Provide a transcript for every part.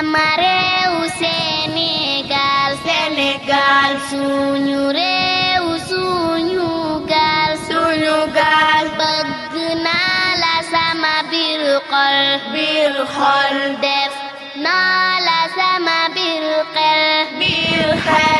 sama réew Sénégal Sénégal suñu réew suñu gaal suñu gaal bëgg naa la sama biir xol biir xol def la sama biir xel biir xel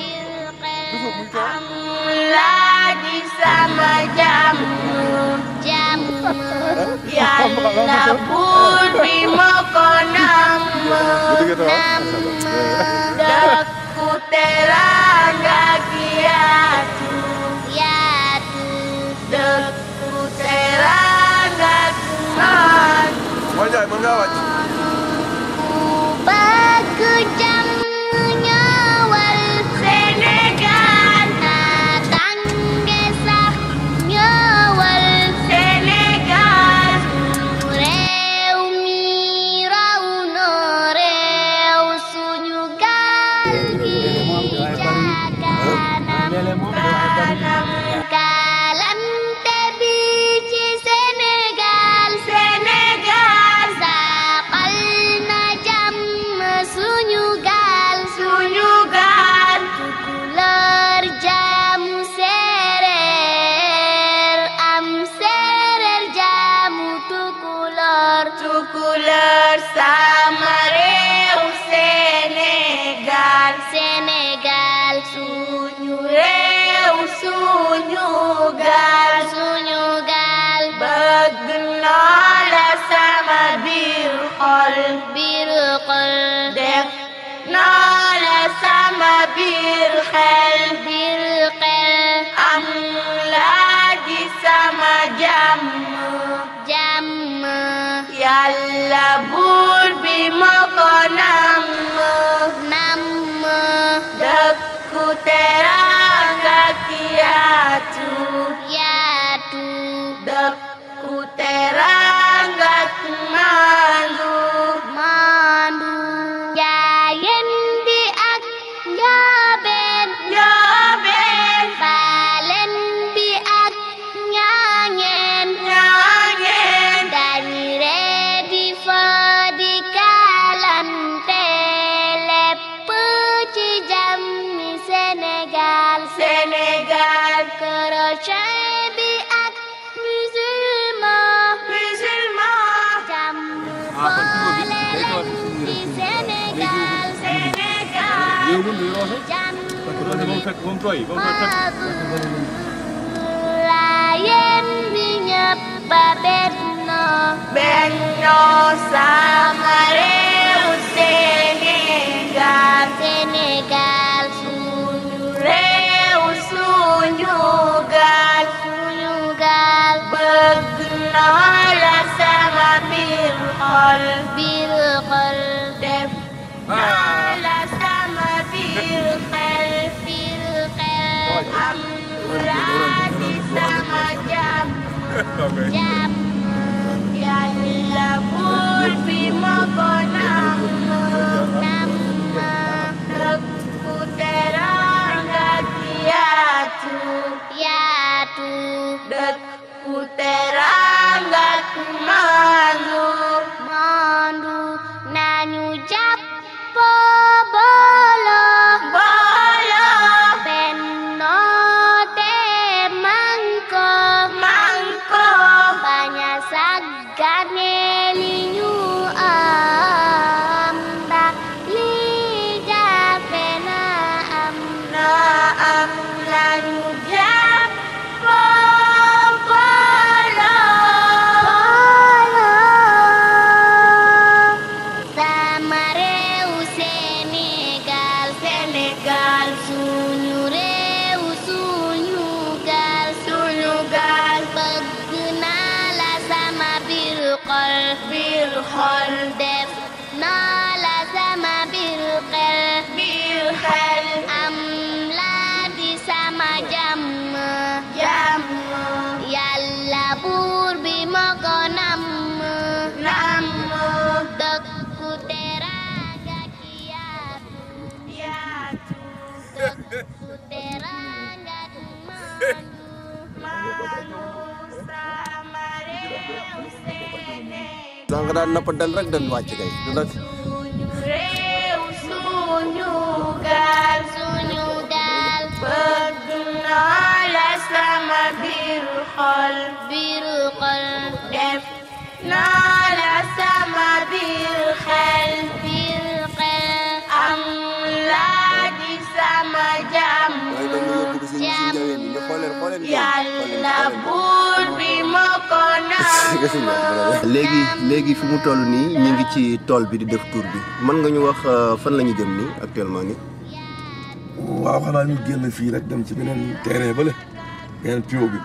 lagi sama jamu jamu ya labun bimo namu, daku terang gagi yatu yatu daku terang gagi maju maju maju شعبي مسلمة مسلمة كم ظالم في سنغال سنغال Lion đi nhập bà bên nó Bên nó xa mà rêu Senegal Senegal Sunyu rêu sunyu فإنها لسما بالقلب القلب إنها لسما بالقلب القلب أمر السما جم جم يعلمون بمقنعه نما رب ترى يا गु nga daan dal rek dal wàcc kay du réew suñu gaal suñu gaal bëgg naa la sama biir xol biir xol def naa la sama biir xel biir xel am laa di sama jàmm yàlla buur léegi léegi fi mu toll nii ñu ngi ci tool bi di def tour bi mën nga ñu wax euh, fan la ñu jëm nii actuellement nii. waaw xanaa ñu génn fii rek dem ci beneen terrain ba la beneen pivot bi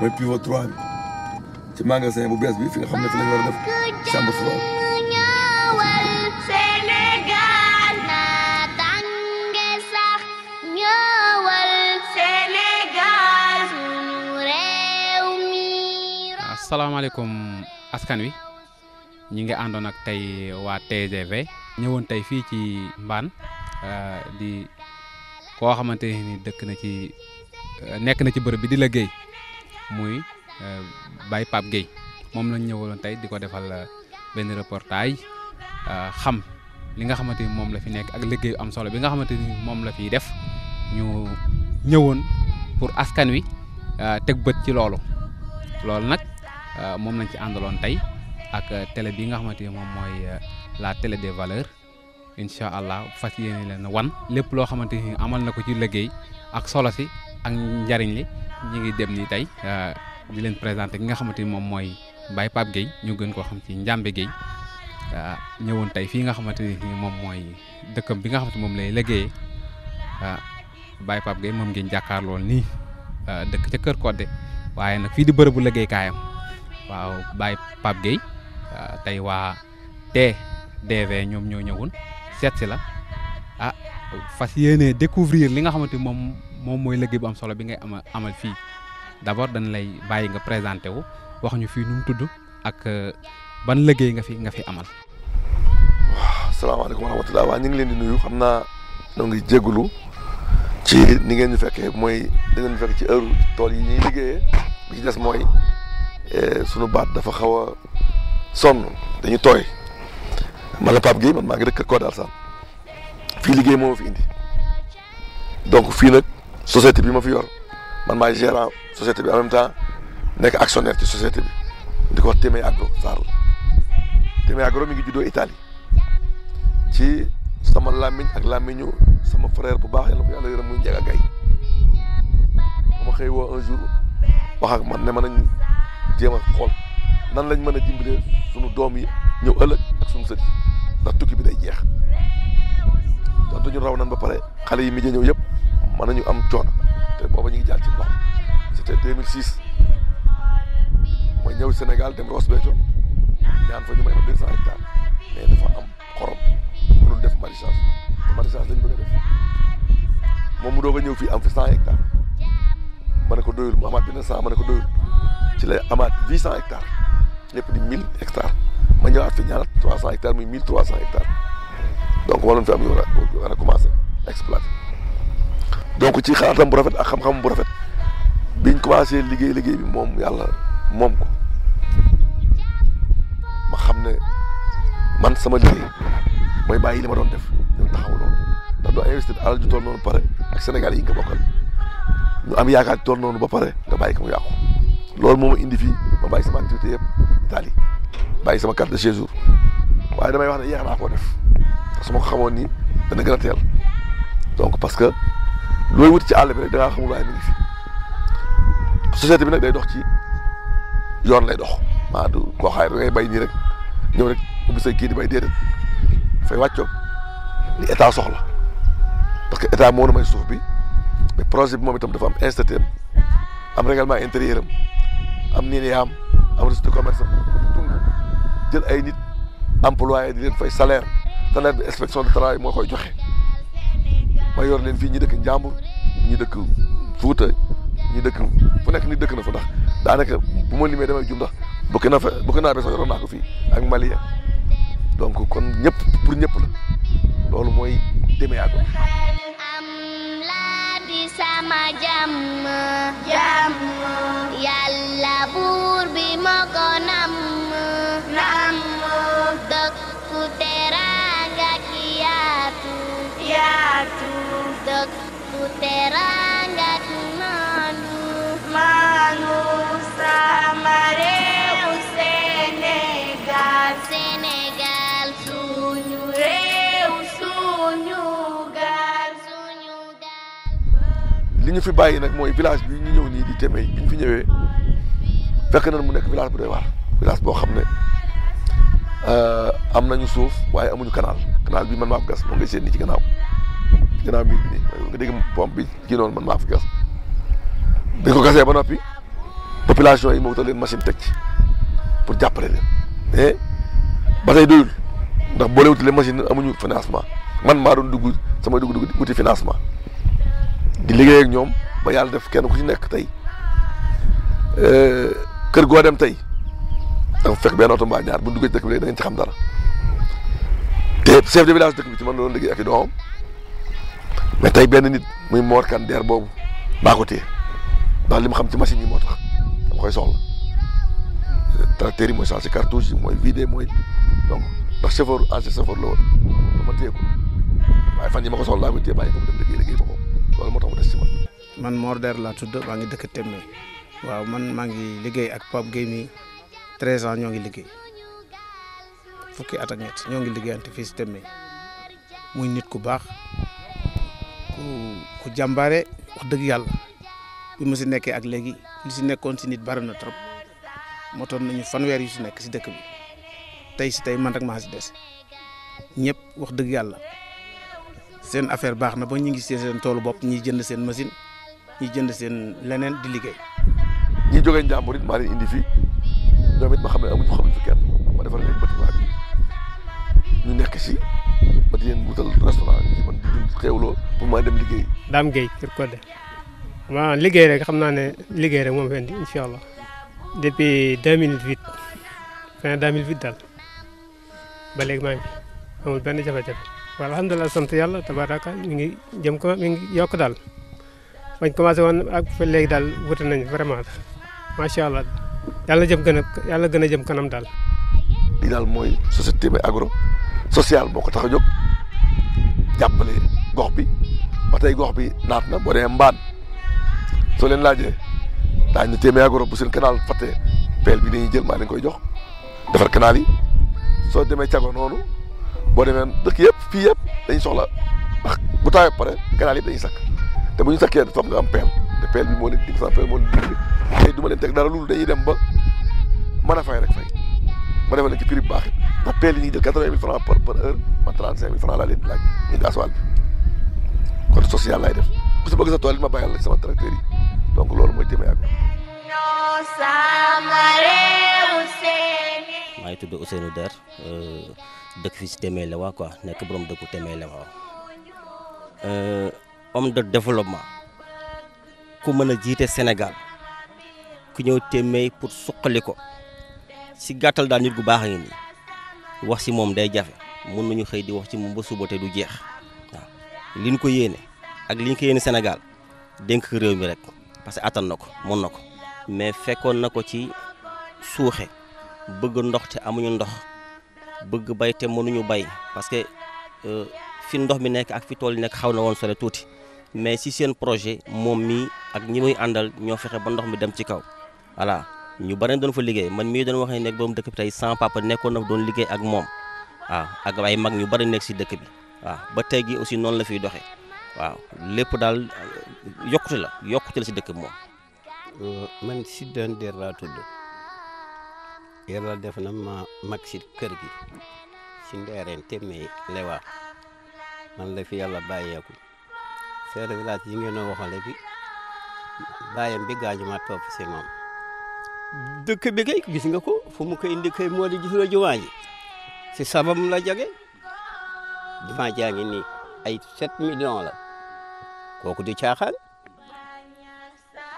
mooy pivot 3 bi ci magasin bu bees bi fi nga xam ne fi la ñu war a def chambre froide salaamaaleykum askan wi ñu ngi àndoon ak tey waa TGV. ñëwoon tey fii ci Mbane euh, di koo xamante ni dëkk na ci euh, nekk na ci bërëb bi di la muy euh, Baye Pape Guèye moom lañ ñëwaloon tey di ko defal benn reportage xam li nga xamante ni moom la fi nekk ak liggéeyu am solo bi nga xamante ni moom la fiy def ñu ñëwoon pour askan wi teg bët ci loolu loolu nag. Euh, moom lañ ci àndaloon tey ak euh, télé bii nga xamante ni moom mooy euh, la télé des valeur incha allah fas yéene leen wan lépp loo xamante ni amal na ko ci liggéey ak solo si ak njariñ li ñu ngi dem nii tey di leen présenté ki nga xamante ni moom mooy bay Pape Gueye ñu gën koo xam ci Njambe Gueye ñëwoon tey fii nga xamante ni moom mooy dëkkam bi nga xamante moom lay liggéeyee Baye Pape Gueye moom ngeen jàkkaarlool nii dëkk ca Kër Codé waaye nag fii di bërëbu liggéeykaayam waaw Baye Pape Gueye tey waa TDV ñoom ñoo ñëwoon seet la ah fas yéene découvrir li nga xamante moom moom mooy liggéey bu am solo bi ngay ama amal fii d'abord dañ lay bàyyi nga présenté wu wax ñu fii nu mu tudd ak euh, ban liggéey nga fi nga fi amal. waaw salaamaaleykum wa rahmatulah waa ñu ngi leen di nuyu xam naa ñoo ngi jégalu ci ni ngeen ñu fekkee mooy da ngeen ñu fekk ci heure tool yi ñuy liggéeyee bi ci des mooy. Eh, sunu baat dafa xaw a sonn dañu tooy man la Pape Gueye man maa ngi dëkk Kodal Sane fii liggéey moo ma fi indi donc fii nag société bi ma fi yor man maay gérant société bi en même temps nekk actionnaire ci di ko wax Témé Agro Sarr ci sama làmmiñ ak làmmiñu sama frère bu baax yàlla muy ko yàlla yërëm muy Ndiaga ma xëy woo un jour wax ak man ne ma nañ jéem a xool nan lañ mën a dimbalee sunu doom yi ñëw ëllëg ak suñu sët yi ndax tukki bi day jeex donte ñu raw nan ba pare xale yi mi ñëw yëpp mën nañu am coono te booba ñu ngi jaar ci ndox c'était 2006 mooy ñëw Sénégal dem Ross Béthio ñaan fa ñu may ma 200 hectares mais dafa am xorom mënul def maraîchage te maraîchage lañ bëgg a def moom mu doog a ñëw fii am fi 100 hectares. mané ko doyul mu amat benn mané ko doyul ci lay amat 800 hectares lepp di 1000 hectares ma ñëwaat fi ñaanat 300 hectares muy 1300 hectares donc waroon fi am yu rek a war commencé exploiter donc ci xalaatam bu rafet ak xam-xam bu rafet biñ commencé liggéey liggéey bi moom yàlla ya moom ko ma xam ne man sama liggéey mooy bàyyi li ma doon def ñu taxaw loolu da doo investir alal ju toll noonu pare ak Sénégal yi nga bokkal ñu am yaakaar ci tool noonu ba pare nga bàyyi ko mu yàqu loolu moom ma indi fii ma bàyyi sama activité yëpp Italie bàyyi sama carte de séjour waaye damay wax ne yéex naa def su ma ko xamoon nii dana gën a donc parce que looy wuti ci àll bi rek da ngaa xamul waaye fi société bi nag day dox ci yoon lay dox maa du koo xaay da ngay bay nii rek ñëw rek ubbi say kii di bay déedéet fay wàccoog li état soxla parce que état moo na may suuf bi mais projet bi moom itam dafa am institut am règlement intérieur am am nii am am registre de commerce am jël ay nit employé di leen fay salaire salaire bi inspection de travail moo koy joxe ma yor leen fii ñi dëkk Njàmbur ñi dëkk Fuuta ñi dëkk fu nekk ni dëkk na fa ndax daanaka bu ma limee damay jum ndax Burkina fa Burkina Faso yoroon naa ko fii ak Mali donc kon ñëpp pour ñëpp la loolu mooy demee àgg sama jàmm jàmm yàlla buur bi moo ko nam ñu fi bàyyi nag mooy village bi ñu ñëw nii di Témé bi ñu fi ñëwee fekk na mu nekk village bu doy waar village boo xam ne euh, am nañu suuf waaye amuñu kanaal kanaal bi man maa fi gas moo ngay seen nii ci gannaaw gannaaw miir bi nii nga dégg pompe bi kii noonu man maa fi gas dañ ko gasee ba noppi population yi moo tax leen machine teg ci pour jàppale leen mais ba tey doyul ndax boo leen machine amuñu financement man maa doon dugg sama dugg dugg wuti financement di liggéey ak ñoom ba yàlla def kenn ku ci nekk tey eh, kër goo dem tey da fekk benn oto mbaa ñaar bu duggee ci dëkk bi léegi da ngeen ci xam dara te chef de village dëkk bi ci man la doon liggéey ak i doomam mais tey benn nit muy Mor Kane der boobu maa ko téye ndax li ma xam ci machine yi moo tax dama koy soxla tracteurs yi mooy si cartouche yi mooy vidé mooy donc ndax chauffeur ancien chauffeur la woon dama téye ko waaye fan yi ma ko soxla laa koy téye bàyyi ko mu loolu motax mu dess ci man. man morder la tudd ba nga dëkk témé waaw man ma ngi liggéey ak pop Gueye 13 ans ñoo ngi liggéey fukki at ak ñet ñoo ngi liggéeyante fii si témé muy nit ku baax ku ku jambaré wax dëgg yalla bu mu si nekkee ak légui li ci nekkon ci nit barana trop motoon nañu fanwer yu ci nekk ci dëkk bi tay ci tay man rek ma ci dess ñepp wax dëgg yalla seen affaire baax na ba ñi ngi see seen toolu bop ñi jënd seen machine ñi jënd seen leneen di liggéey. ñi joggé njàmbur it maa leen indi fi ñoom it ma xam ne amuñu xam fi kenn ma defal leen bâtiment bi ñu nekk si ba di leen wutal restaurant ci man di xewlo pour ma dem liggéey. Dame Gueye Kër Codé waaw liggéey rek xam naa ne liggéey rek moom fi indi allah depuis 2008 fin 2008 dal, ba léegi maa ngi amul benn jafe-jafe. alhamdulilah sant yàlla tabaraka mi ngi jëm ko mi ngi yokk daal bañ commencé woon ak fa léegi daal wuute nañ vraiment macha allah yàlla jëm gën a yàlla gën a jëm kanam daal. lii daal mooy société bi agro social boo ko tax a jóg jàppale gox bi ba tey gox bi naat na boo soo leen laajee daañu téeméer agro bu seen canal fàtte peel bi dañuy jël maa leen koy jox defar canal yi soo demee cago noonu. boo demee dëkk yëpp fii yëpp dañuy soxla ndax bu tawee ba pare canal yëpp dañuy sakk te bu ñu sakkee dafa nga am peel te peel bi moo leen dig peel moo leen dig tey du ma leen teg dara loolu dañuy dem ba mën a fay rek fay ma defal leen ci prix bu baax it ndax peel yi ñuy jël quatre-vingt mille francs par par heure man trente cinq mille laay def ku si bëgg sa tool it ma bàyyal la sama tracteur yi donc loolu mooy jëmee ak maa ngi dëkk fi si Temele waa quoi nekk borom dëkku Temele waaw euh, homme de développement ku mën a jiite senegal ku ñëw Temele pour suqali ko si gàttal daal nit gu baax a wax si moom day jafe mun nañu xëy di wax ci moom ba suba te du jeex waaw li ñu ko yéene ak li ñu ko yéene Sénégal dénk réew mi rek parce que attan na ko mën na ko mais fekkoon na ko ci suuxe bëgg ndox te amuñu ndox. bëgg bay te mënuñu bay parce que euh, fi ndox mi nekk ak fi tool yi nekk xaw na woon sore tuuti mais si seen projet moom mii ak ñi muy àndal ñoo fexe ba ndox mi dem ci kaw voilà ñu bari doon fa liggéey man mii doon wax ne nekk boobu dëkk bi tey sans papa nekkoon na doon liggéey ak moom waaw ak ay mag ñu bari nekk si dëkk bi waaw ba tey gi aussi noonu la fiy doxee waaw lépp daal yokkute la yokkute la si dëkk bi moom. Euh, man si daan der laa tudd. yàlla def na ma mag si kër gi si ndeereen téeméer lewa man la fi yàlla bàyyeeku chef de village yi ngeen doon bi bàyyam bi gaañu ma topp dëkk bi kay gis nga ko fu mu koy indi kay moo di gis la jumaa ji si sabam la jage jumaa jaa ngi nii ay 7 kooku di caaxaan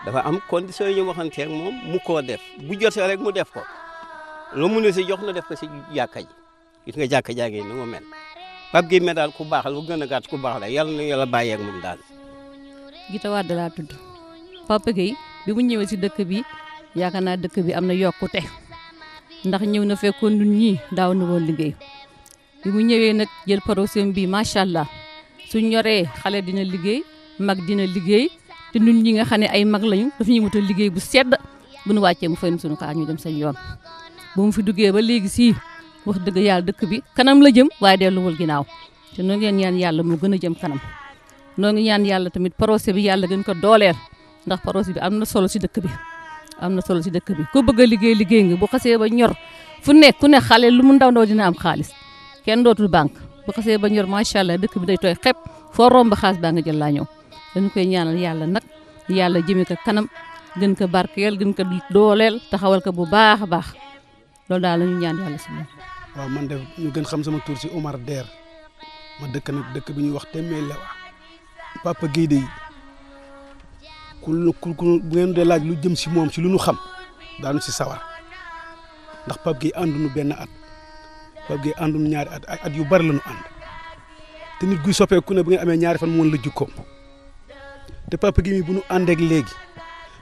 dafa am condition yi ñu waxanteeg moom mu koo def bu jotee rek mu def ko lu mu ne si jox na def ko si jàkka ji gis nga jàkka jaa ngi ni mu mel Pape Gueye me daal ku baax la lu gën a gàtt ku baax la yàlla na yàlla bàyyeeg moom daal. Gita Wade laa tudd Pape Gueye bi mu ñëwee si dëkk bi yaakaar naa dëkk bi am na yokkute ndax ñëw na fekkoon ñun ñii daaw na woon liggéey bi mu ñëwee nag jël projet bi macha allah su ñoree xale dina liggéey mag dina liggéey te ñun ñi nga xam ne ay mag lañu daf ñuy liggéey bu sedd bu nu wàccee mu fay suñu xaar ñu dem seen yoon. boo mu fi duggee ba léegi sii wax dëgg yàlla dëkk bi kanam la jëm waaye delluwul ginnaaw te noo ngeen ñaan yàlla mu gën a jëm kanam noo ngi ñaan yàlla tamit projet bi yàlla gën ko dooleel ndax projet bi am na solo si dëkk bi am na solo si dëkk bi ku bëgg a liggéey liggéey nga bu xasee ba ñor fu nekk ne xale lu mu ndaw ndaw dina am xaalis kenn dootul banque bu xasee ba ñor macha allah dëkk bi day tooy xepp foo romb xaalis baa jël laa ñëw dañu yàlla nag yàlla jëmee ko kanam gën ko barkeel gën ka dooleel taxawal ko bu baax a baax loolu daal la ñu ñaan yàlla si moom. waaw man de ñu gën xam sama tur si Omar Der ma dëkk nag dëkk bi ñuy wax Temmeele wa papa Guèye de ku ku ku ngeen de laaj lu jëm si moom si lu ñu xam daanu si sawar ndax papa Guèye ànduñu benn at papa Guèye ñaari at ay at yu bari la ñu ànd te nit guy soppeeku ne bu ngeen amee ñaari fan mu woon la jukkoom te papa Guèye mi bu ñu àndeek léegi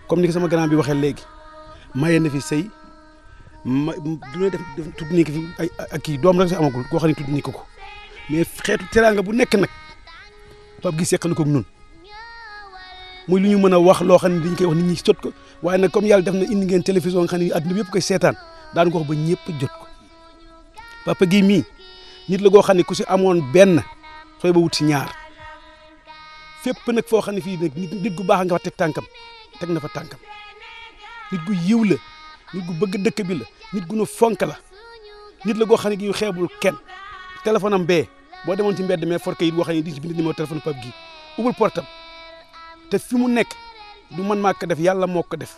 comme ni ko sama grand bi waxee léegi maye na fi sëy ma du def tudd ni ki fi ay ak kii doom rek si amagul koo xam ne tudd ko ko mais xeetu teraanga bu nekk nag Pape gi seqal ko ak ñun muy lu ñu mën a wax loo xam ne dañ ko wax nit ñi jot ko waaye nag comme yàlla def na indi ngeen télévision nga xam ne adduna bi koy seetaan daan ko ba ñëpp jot ko Papa gi mii nit la goo xam ne ku si amoon benn sooy ba wut si ñaar fépp nag foo xam ne fii nag nit nit gu baax nga fa teg tànkam teg na fa tànkam nit gu yiw la. nit gu bëgg dëkk bi nit gu nu fonk la nit la goo xam ne gi xeebul kenn téléphone am bee boo demoon ci mbedd mais forke yit boo xam ne di ci bind numéro téléphone Pape Gueye ubul portam te fi mu nekk du man maa ko def yàlla moo ko def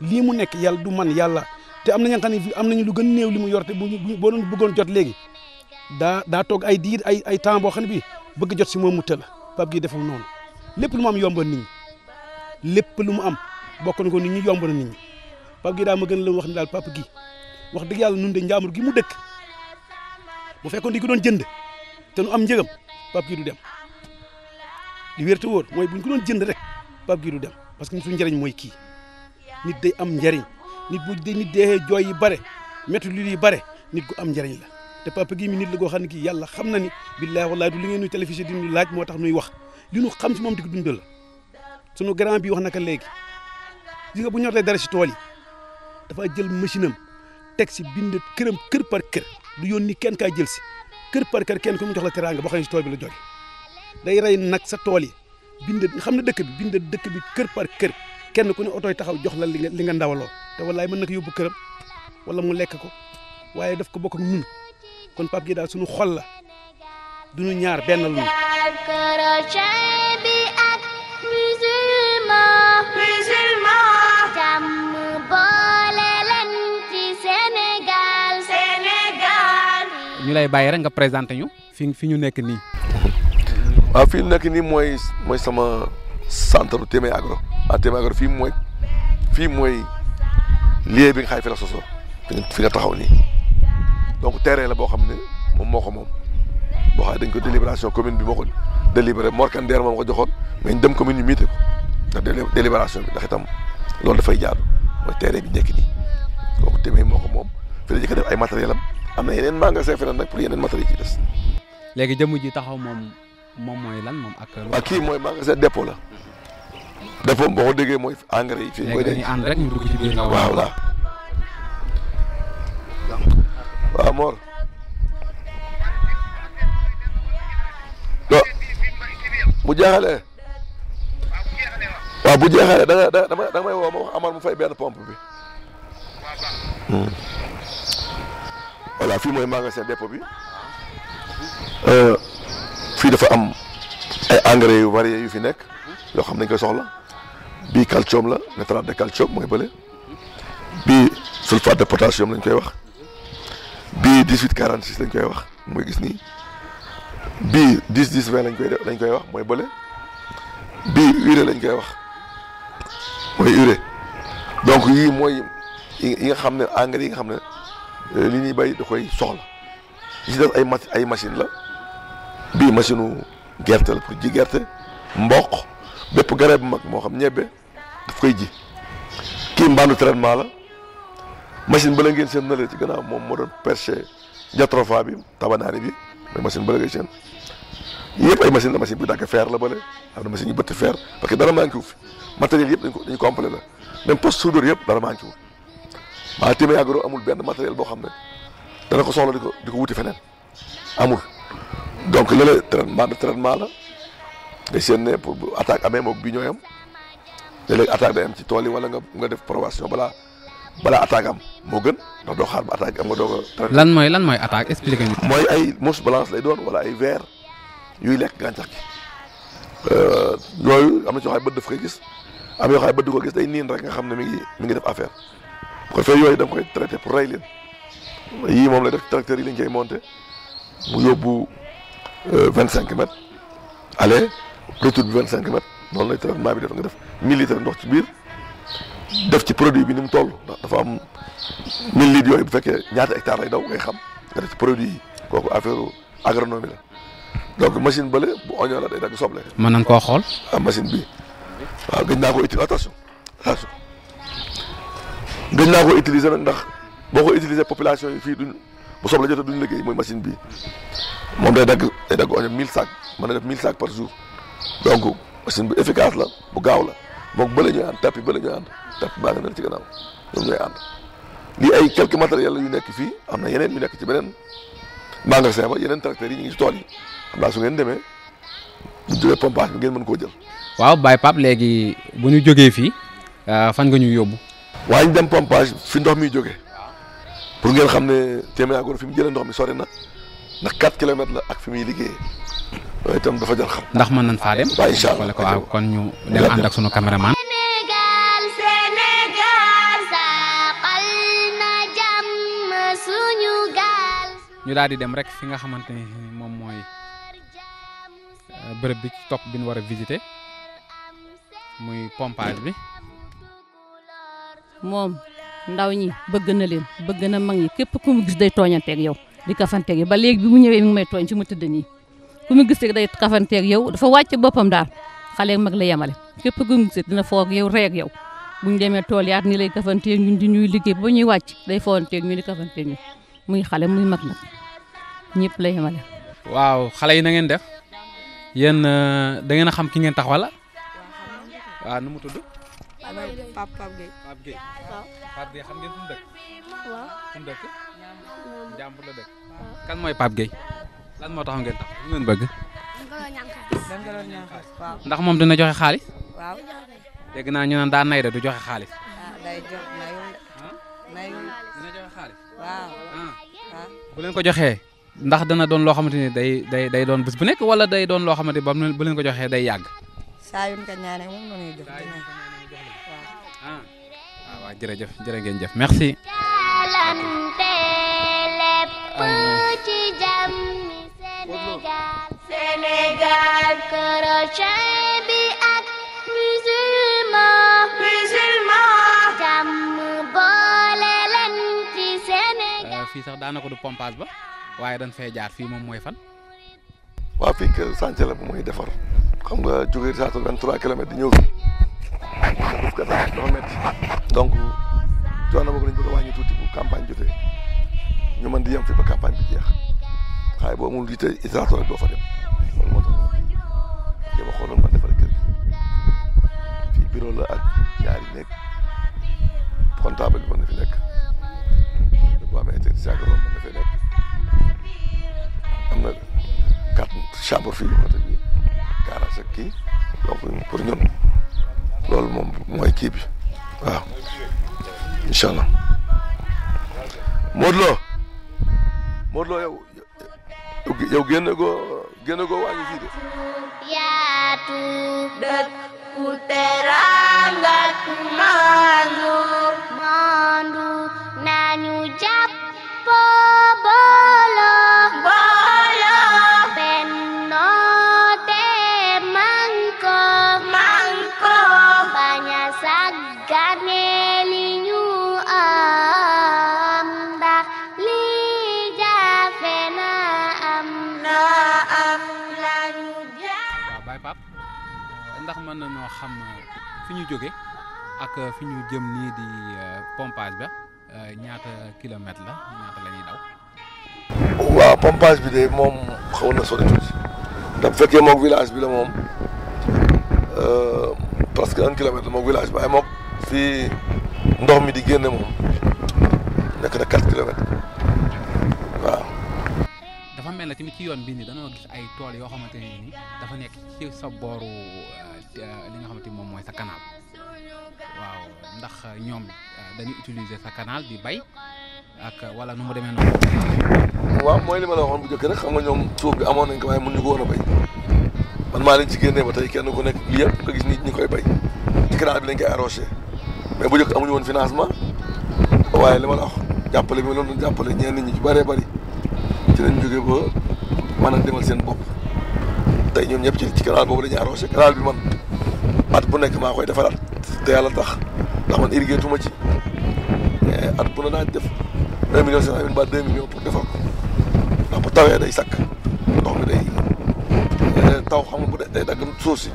lii mu nekk yàlla du man yàlla te am na ña nga xam ne am nañu lu gën néew li mu yor te bu boo doon bëggoon jot léegi daa daa toog ay diir ay ay temps boo xam ne bii bëgg jot si moom mu të la Pape noonu lépp lu mu am yomba nii lépp lu mu am bokk ko nit ñi yomb na nit Pape Gueye daa ma gën a la wax ni daal Pape Gueye wax dëgg yàlla nun de njaamur gi mu dëkk bu fekkoon di ko doon jënd te am njëgam Pape gi du dem li wér te wóor mooy bu ñu ko doon jënd rek Pape Gueye du dem parce que suñu njëriñ mooy kii nit day am njëriñ nit bu dee nit dee jooy yi bare métti lu yi bare nit ku am njari la te Pape Gueye mi nit la goo xam ne kii yàlla xam na ni billaahi wallaahi du li ngeen nuy télévisé di laaj moo tax nuy wax li nu xam si moom di ko dundal la sunu grand bi wax naka léegi gis nga bu ñortee dara si tool yi dafa jël machine am teg si bind këram kër par kër du yónni kenn kaay jël si kër par kër kenn ku mu jox la teraanga boo xam ne si tool bi la jóge day rey nag sa tool yi bind xam ne dëkk bi bind dëkk bi kër par kër kenn ku ne oto yi taxaw jox la li li nga ndawaloo te wallaay mën na ko yóbbu këram wala mu lekk ko waaye daf ko bokk ak kon Pape gi daal suñu xol la ñaar benn lu ñu lay bàyyi rek nga présenté ñu fi fi ñu nekk nii. waaw fi ñu nekk nii mooy mooy sama centre Témé Agro ah Témé Agro fii mooy fii mooy lieu bi nga xay fi la sosoo fi nga taxaw nii donc terrain la boo xam ne moom moo ko moom boo xam dañ ko délibération commune bi moo ko délibéré Morkandeer moom ko joxoon mais ñu dem commune ñu miite ko ndax délibération bi ndax itam loolu dafay jaadu mooy terrain bi nekk nii donc Témé moo ko moom fi la jëkk def ay matériel am na yeneen magasin feneen nag pour yeneen matériel ci des. léegi jëmm ji taxaw moom moom mooy lan moom ak. waaw kii mooy magasin dépôt la. dépôt boo déggee mooy engrais yi. fii koy dañuy ànd rek ñu dugg ci biir nga waaw waaw. waaw Mor. bu jeexalee. waaw bu jeexalee da nga may woo mu fay benn pompe bi. Hmm. voilà fi mooy magasin dépôt bi euh, fii dafa am ay engrais yu variés yu fi nekk yoo xam nañ koy soxla bii calcium la nitrate de calcium mooy bële bii sulfate de potassium lañ koy wax bii dix huit quarante six lañ koy wax mooy gis nii bi dix dix vingt lañ koy koy wax mooy bële bii urée lañ koy wax mooy urée donc yi mooy yi nga xam ne engrais yi nga xam ne Euh, li ñuy bay da koy soxla li ci def ay mat ay machine la bii machine u gerte la pour ji gerte mboq bépp garab bu mag moo xam ñebbe daf koy ji kii mbandu traitement la machine bala ngeen seen nalee ci gannaaw moom moo doon perché jatropha bi tabanaani bi mooy machine bala ngeen seen yëpp ay machine la machine bi dagg fer la bële am na machine yu bëtt fer parce que dara manqué wu fi matériel yëpp dañ ko dañ complet la même poste soudure yëpp dara manqué wu ma téeméer agro amul benn matériel bo xamné ne dana ko soxla diko ko wuti fenen amul donc le traitement de traitement la de seen pour attaque amé mok bi ñooy le léeg attaque dem ci toli wala nga nga def probation bala bala attaque am mo gën do do xaar ba attaque am do lan moy lan moy attaque expliquer ñu. moy ay mouche blanche lay doon wala ay verre yuy lekk gàncax gi euh, yooyu am na ci xay xam ne bët gis am yo xay ne ko gis day nin rek nga xamné mi ngi mi ngi def affaire préfet yooyu da dam koy traité pour rey leen yii moom la def tracteur yi lañ koy monté mu yóbbu euh, vingt cinq mètres aller retour bi vingt cinq mètres noonu lay traitement bi def nga def mille litres ndox ci biir def ci produit bi ni mu toll ndax dafa am mille litres yooyu bu fekkee ñaata hectare lay daw ngay xam nga ci produit yi affaire agronomie la donc machine bu oignon la day soble. mën nañ koo xool. Ah, machine bi waaw gëj naa ko utile attention attention. gën naa ko utiliser nag ndax boo ko utiliser population yi fii duñ bu soble jotee ñu liggéey mooy machine bi moom day dagg day dagg oño mille sacs mën na def mille sacs par jour donc machine bi efficace la bu gaaw la moom bële ñuy ànd tapis bële ñuy ànd tapis baa nga ne ci gannaaw ñoom ñooy ànd lii ay quelques matériels yu nekk fii am na yeneen yu nekk ci beneen magasin ba yeneen tracteurs yi ñu ngi tool yi xam naa su ngeen demee bu jógee pompage bi ngeen mën koo jël. waaw Baye Pape léegi bu ñu jógee fii euh, fan nga ñu yóbbu. waaye dem pompage fi ndox mi jóge pour ngeen xam ne téeméer ak fi mu jëlee ndox mi sori na na 4 kilomètres la ak fi muy liggéeyee loolu itam dafa jar xam. ndax mën nañ faa dem. waaw incha allah waaw kon ñu dem ànd ak sunu cameraman. ñu daal di dem rek fi nga xamante ni moom mooy euh, bërëb bi ci topp bi ñu war a visiter muy pompage bi. moom ndaw ñi bëgg na leen bëgg na mag ñi képp ku mu gis day tooñanteeg yow di kafanteeg yow ba léegi bi mu ñëwee mi ngi may tooñ fi mu tëdd nii ku mu gis rek day kafanteeg yow dafa wàcc boppam daal xale mag la yemale képp ku mu gis dina foog yow reeg yow buñ demee tool yaat ni lay kafanteeg ñun di ñuy liggéey boo ñu wàcc day foonteeg ñu di kafanteeg ñu muy xale muy mag la ñëpp la yemale. waaw xale yi na def yéen euh, da ngeen a xam ki ngeen taxawal waaw nu mu tudd. Pape Pape Gueye. Pape Gueye waaw. Pape Gueye xam ngeen fu mu dëkk. waaw fu mu dëkk. la dëkk. kan mooy Pape Gueye. lan moo tax ngeen tax lu bëgg. ndax moom dina joxe xaalis. waaw. naa ñu naan daa nay du joxe xaalis. Ah, day jox nayul ah. bu leen ko joxee. ndax dana doon loo xamante ni day day day doon bés bu nekk wala day doon loo xamante ni ba bu leen ko joxee day yàgg. waaw jërëjëf jërë jëf merci. Sénégal eh, sax daanaka du pompage ba waaye dañ fay jaar fii moom mooy fan waa fii kër sànc la bu defar xam nga di ñëw fi parce que nawet dafa donc coono boobu dañ bëgg a tuuti bu campagne jotee ñu mën di yem fi ba campagne bi jeex xaay boo amul yite isolation doo fa dem loolu moo tax jéem a xooloon man defar kër gi fii bureau ak ñaari néeg comptable bi mën na fi nekk boo amee technicien agronome mën na fi nekk am na quatre kii donc pour ñun loolu moom mooy kii bi waaw allah Modou Lo Modou Lo yow goo génn goo waa ngi fii de yaatu dëkk ku teranga maandu maandu xam euh, fi ñu jóge ak euh, fi ñu jëm nii di euh, pompage ba ñaata kilomètre la ñaata la daw. waaw pompage bi de moom xaw na sori tuuti ndax bu fekkee moom village bi la moom presque un kilomètre moom village bi waaye moom fii ndox mi di génne moom nekk na quatre kilomètres waaw. dafa mel ne tamit ci yoon bi nii danoo gis ay tool yoo xamante ne nii dafa nekk ci sa booru. li nga ti moom mooy sa canal waaw ndax ñoom euh, dañuy utiliser sa canal di bay ak wala nu mu demee noonu. waaw mooy li ma la waxoon bu jëkk rek xam nga ñoom suuf bi amoon nañ ko waaye mënuñu ko woon a bay man maa leen ci génnee ba tey kenn ku nekk yëpp nga gis nit koy bay ci bi lañ koy mais bu njëkk amuñu woon financement waaye li la wax jàppale bi ma leen doon jàppale ñenn ñi ci bëree bëri ci lañ jógee ba mën a demal seen bopp te ñoom ñëpp ci ci canal boobu dañuy arrosé canal bi man. at bu nekk maa koy defaraat te yàlla tax ndax man irrigué tuma ci eh, at bu ne naa def un million cinq cent mille ba deux millions pour defar ko ndax bu tawee day sakk ndox mi day eh, taw xam nga bu day dagg suuf si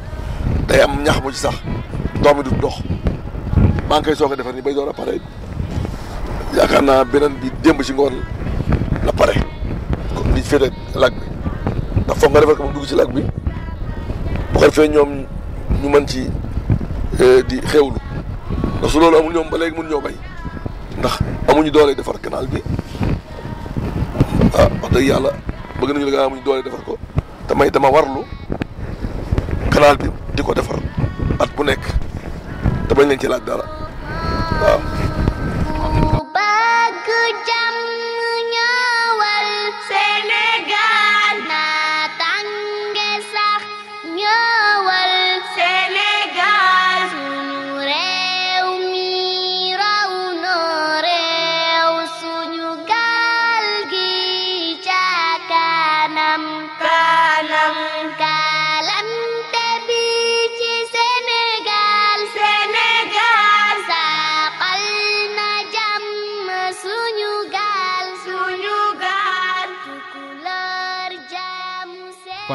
day am ñax mu ci sax ndox mi du dox maa ngi koy soog defar ni bay door a pare yaakaar naa beneen di démb ci ngoon la pare comme li féete lag bi ndax foog nga defar ko mu dugg ci lag bi bu ko defee ñoom ñu mën ci euh, di xewlu ndax su loolu amul ñoom ba léegi mun ñoo bay ndax amuñu doole defar canal bi ah wax dëgg yàlla bëgg nañu la amuñu doole defar ko te may dama warlu canal bi di ko defar at bu nekk te bañ leen ci laaj dara.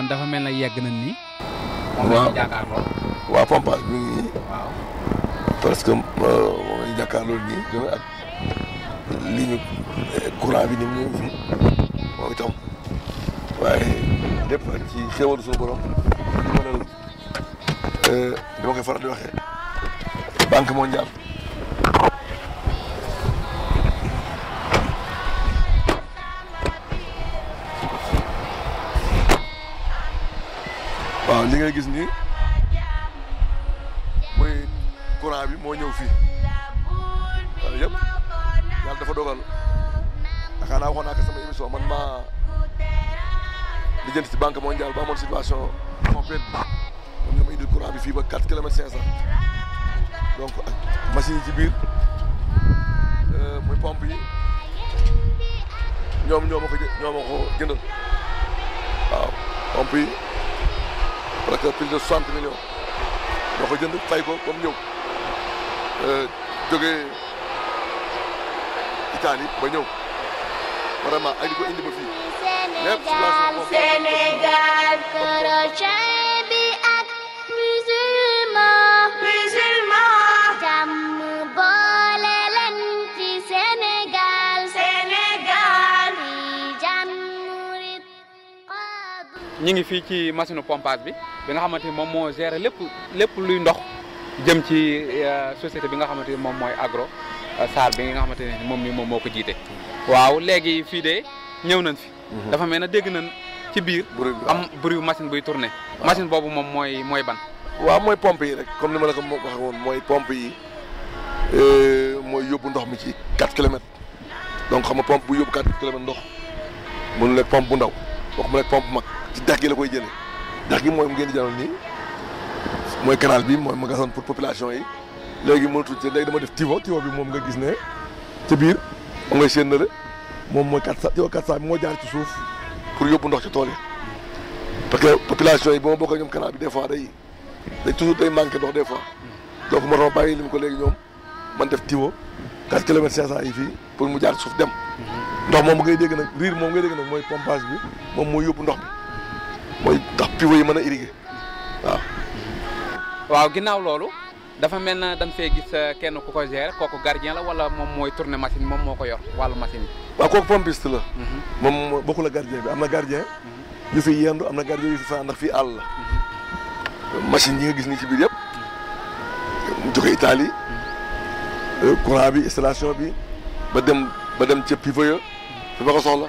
kon dafa mel na yegg na nii. waaw waaw pompage bi ngi nii. parce que euh, moom la ñu jàkkaarloo nii dama ak lii ñu eh, courant bi ni mu ngi moom itam waaye lépp ci xéwalu suñu borom li euh, ma dama koy faral di waxee banque mondiale. li ngay gis nii mooy courant bi moo ñëw fii waaw yëpp yàlla dafa dogal xanaa naa waxoon naa ko sama émission man maa lijjanti ci banque mondiale ba amoon situation complète moom la ma indil courant bi fii ba quatre kilomètres cinq cent donc machine yi biir euh, muy pompe yi ñoom ñoo ma waaw pompe para que plus de 60 millions ñoo ko jënd fay ko comme ñëw jógee Italie ba ñëw vraiment ay di ko indi ba fii lépp Sénégal Sénégal ñu ngi fii ci machine pompage bi bi nga xamante ni moom moo gérer lépp lépp luy ndox jëm ci euh, société bi nga xamante ni moom mooy agro euh, SAR bi nga xamante ne moom mi moom moo ko jiite. waaw léegi fii de ñëw nañ fi. Mhm. dafa mel na dégg nañ ci biir. am bruit machine buy tourné. machine boobu moom mooy mooy ban. waaw mooy pompe yi rek comme ni ma la ko waxee woon mooy pompe yi euh, mooy yóbbu ndox mi ci 4 kilomètres donc xam nga bu yóbbu 4 ndox mënu nekk pompe bu ndaw wax mu nekk pompe mag. ci dex gi la koy jëlee dex gi mooy mu ngeen jàll nii mooy canal bi mooy ma gasoon pour population yi léegi mënatul ci léegi dama def tiwo tiwo bi moom nga gis ne ca biir moom ngay moom mooy quatre cent tiwo bi moo jaar ci suuf pour yóbbu ndox ci tool yi parce que population yi ba ma bokk ñoom canal bi des fois day day toujours day manqué ndox des fois donc moo tax ko léegi ñoom man def tiwo quatre kilomètres cinq cent yi fii pour mu jaar suuf dem ndox moom ngay dégg nag riir moom nga dégg nag mooy pompage bi moom mooy yóbbu ndox bi mooy ndax pivot yi mën a irriguer waaw. waaw ginnaaw loolu dafa mel na dam fee gis euh, kenn ku ko gérer kooku gardien la wala moom mooy tourner machine moom moo ko yor wàllu machine yi. waaw kooku pompiste la. Mhm. moom bokkul a gardien bi am na gardien. Mhm. yu fi yendu am na gardien yu fi fanaan ndax fii àll la. Mhm. machine yi nga gis ni ci biir yëpp. mu jóge Italie. Euh, courant bi installation bi ba dem ba dem ca pivot ya fi ba ko soxla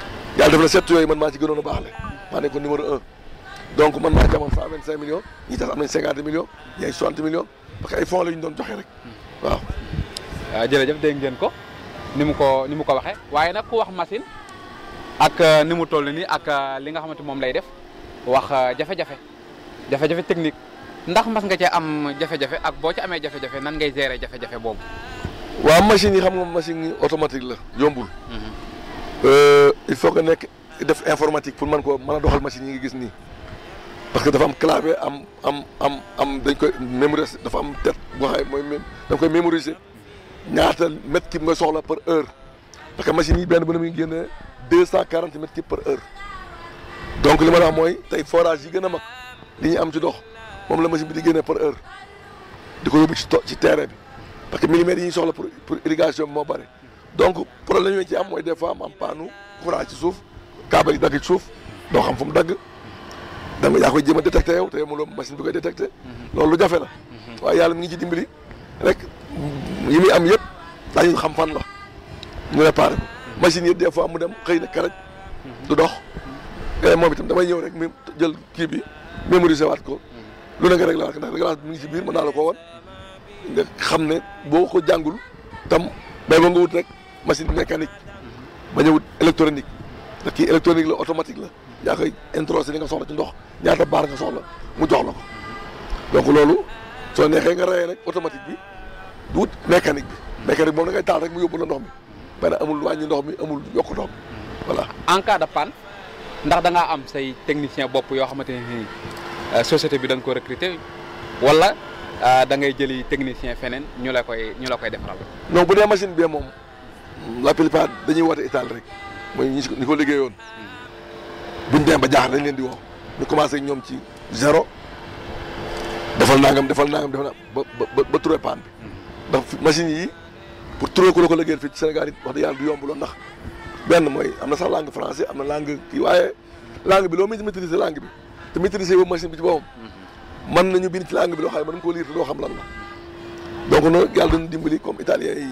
yalla def la sept yoy man ma ci gënoon a baaxle maa ko numéro 1 donc man ma jamon 125 millions ñi tax am nañ cinquante millions ñi ay soixante millions parce que ay fonds doon joxe rek waaw. waaw ah, jëf dégg ngeen ko nimu ko nimu ko waxee waaye nak ku wax machine ak euh, nimu toll ni ak euh, li nga xamante mom lay def wax jafé euh, jafé jafé jafé technique ndax mas nga ci am jafé jafé ak bo ci amé jafé jafé nan ngay gérer jafé jafé bobu wa machine yi xam nga machine automatique la yombul. Mhm. Euh, il faut que nek def informatique pour man ko mën doxal machine yi nga gis ni parce que dafa am clavier am am am am dañ koy mémoriser dafa am tête boo xam mooy même dañ koy mémoriser ñaata mètre cube nga soxla par heure parce que machine yi benn bu ne muy génne deux mètres cube par heure donc li ma la wax mooy tey forage yi gën a mag li ñu am ci dox moom la machine bi di génne par heure di ko yóbbu ci ci terrain bi parce que millimètres yi ñu soxla pour pour irrigation bi moo bare donc problème yi ci am mooy des fois am paanu courant ci suuf câble yi dagg ci suuf doo xam fu mu dagg da nga yaa koy jéem a détecté yow te yow moom machine bi koy détecté mhm. loolu lu jafe na mhm. waaye yàlla mi ngi ci dimbali rek yi muy am yëpp daañu xam fan la ñu réparé ko mhm. machine yi des fois mu dem xëy na karaj du dox te eh, moom itam damay ñëw rek mu jël kii bi mémorisé waat ko lu na nga réglé waat ko ndax réglage bi mu ngi ci biir mën naa la koo wan xam ne boo ko tam bay ba rek machine mécanique ba ñëwut électronique ndax kii électronique la automatique la yaa koy nga soxla ci ndox ñaata baar nga soxla mu jox la ko donc loolu soo neexee nga rayee nag automatique bi du wut mécanique bi mécanique moom da taal rek mu yóbbu la ndox mi benn amul wàññi ndox mi amul yokk ndox mi voilà en cas de panne ndax da ngaa am say technicien bopp yoo xamante ne nii euh, société bi da ko recrité wala euh, da ngay jëli technicien feneen ñu la koy ñu la koy defaral non bu dee machine bi moom la plupart dañuy woote itaal rek mooy ni ko ñi ko liggéeyoon buñ dem ba jaaxal dañ leen di woo ñu commencé ñoom ci zéro defal nangam defal nangam defal ba ba ba trouvé panne bi. ndax machine yi pour trouver ku la ko liggéeyal fii ci Sénégal it wax dëgg yàlla du yomb lool ndax benn mooy am na sax langue français am na langue kii waaye langue bi loo maîtriser langue bi te maîtriser boobu machine bi ci boppam. mën nañu bind ci langue bi loo xam ne mën nga koo liir te doo xam lan la donc nag yàlla dañu dimbali comme italien